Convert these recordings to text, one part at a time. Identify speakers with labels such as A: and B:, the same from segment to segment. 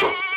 A: Yeah!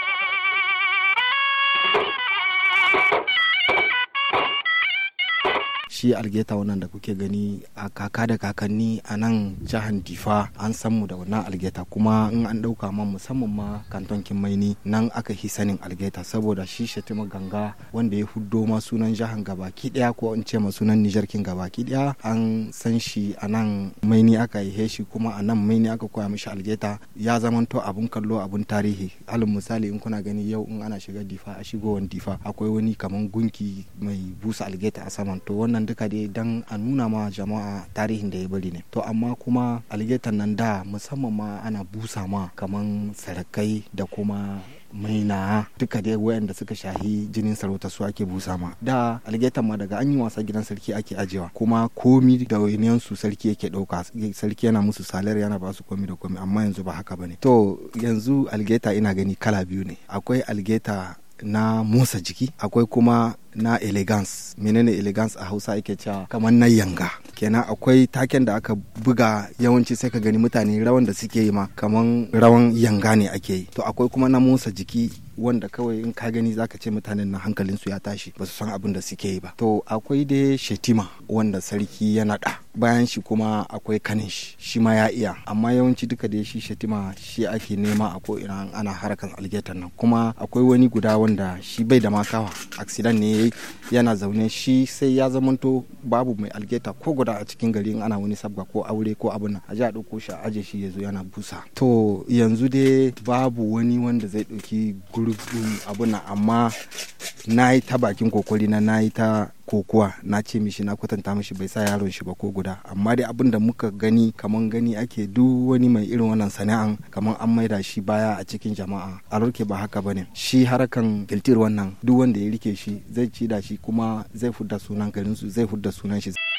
A: shi algeta wannan da kuke gani a kaka da kakanni a nan jihar difa an san mu da wannan algeta kuma in an ɗauka man musamman ma kanton maini nan aka hi sanin algeta saboda shi shatima ganga wanda ya huddo ma sunan jihar gabaki daya ko in ce ma sunan nijar kin gabaki daya an san shi a nan maini aka yi shi kuma a nan maini aka koya mishi algeta ya zamanto abun kallo abun tarihi alin misali in kuna gani yau in ana shiga difa a shigowan difa akwai wani kaman gunki mai busa algeta a saman to wannan duka dai dan a nuna ma jama'a tarihin da ya bari ne to amma kuma alligator nan da musamman ma ana busa ma kaman sarakai da kuma maina duka dai wayanda suka shahi jinin sarauta su ake busa ma da algetan ma daga an yi wasa gidan sarki ake ajewa kuma komi da wayan su sarki yake dauka sarki yana musu salar yana ba su komi da komi amma yanzu ba haka bane to yanzu algeta ina gani kala biyu ne akwai algeta na motsa jiki akwai kuma na elegance menene elegance a hausa ake cewa kamar na yanga kenan akwai taken da aka buga yawanci sai ka gani mutane rawan da suke yi ma kamar rawan yanga ne ake yi to akwai kuma na motsa jiki wanda kawai in ka gani zaka ce mutanen na hankalin su ya tashi ba su san abin da suke yi ba to akwai da shetima wanda sarki ya naɗa bayan shi kuma akwai kanin shi shi ma ya iya amma yawanci duka da shi shetima shi ake nema a ko ina ana harakan algetan nan kuma akwai wani guda wanda shi bai da makawa accident ne yayi yana zaune shi sai ya zamanto babu mai algeta ko guda a cikin gari in ana wani sabga ko aure ko abin nan a ji a ɗauko shi a aje shi ya zo yana busa to yanzu dai babu wani wanda zai ɗauki gurbin abin nan amma na yi ta bakin kokori na na yi ta kokuwa na ce mishi na kwatanta mishi bai sa yaron shi ba ko guda amma dai abin da muka gani kaman gani ake duk wani mai irin wannan sana'an kamar an maida shi baya a cikin jama'a a ba haka bane shi harakan giltir wannan duk wanda ya rike shi zai ci da shi kuma zai fudda sunan garin zai fudda sunan shi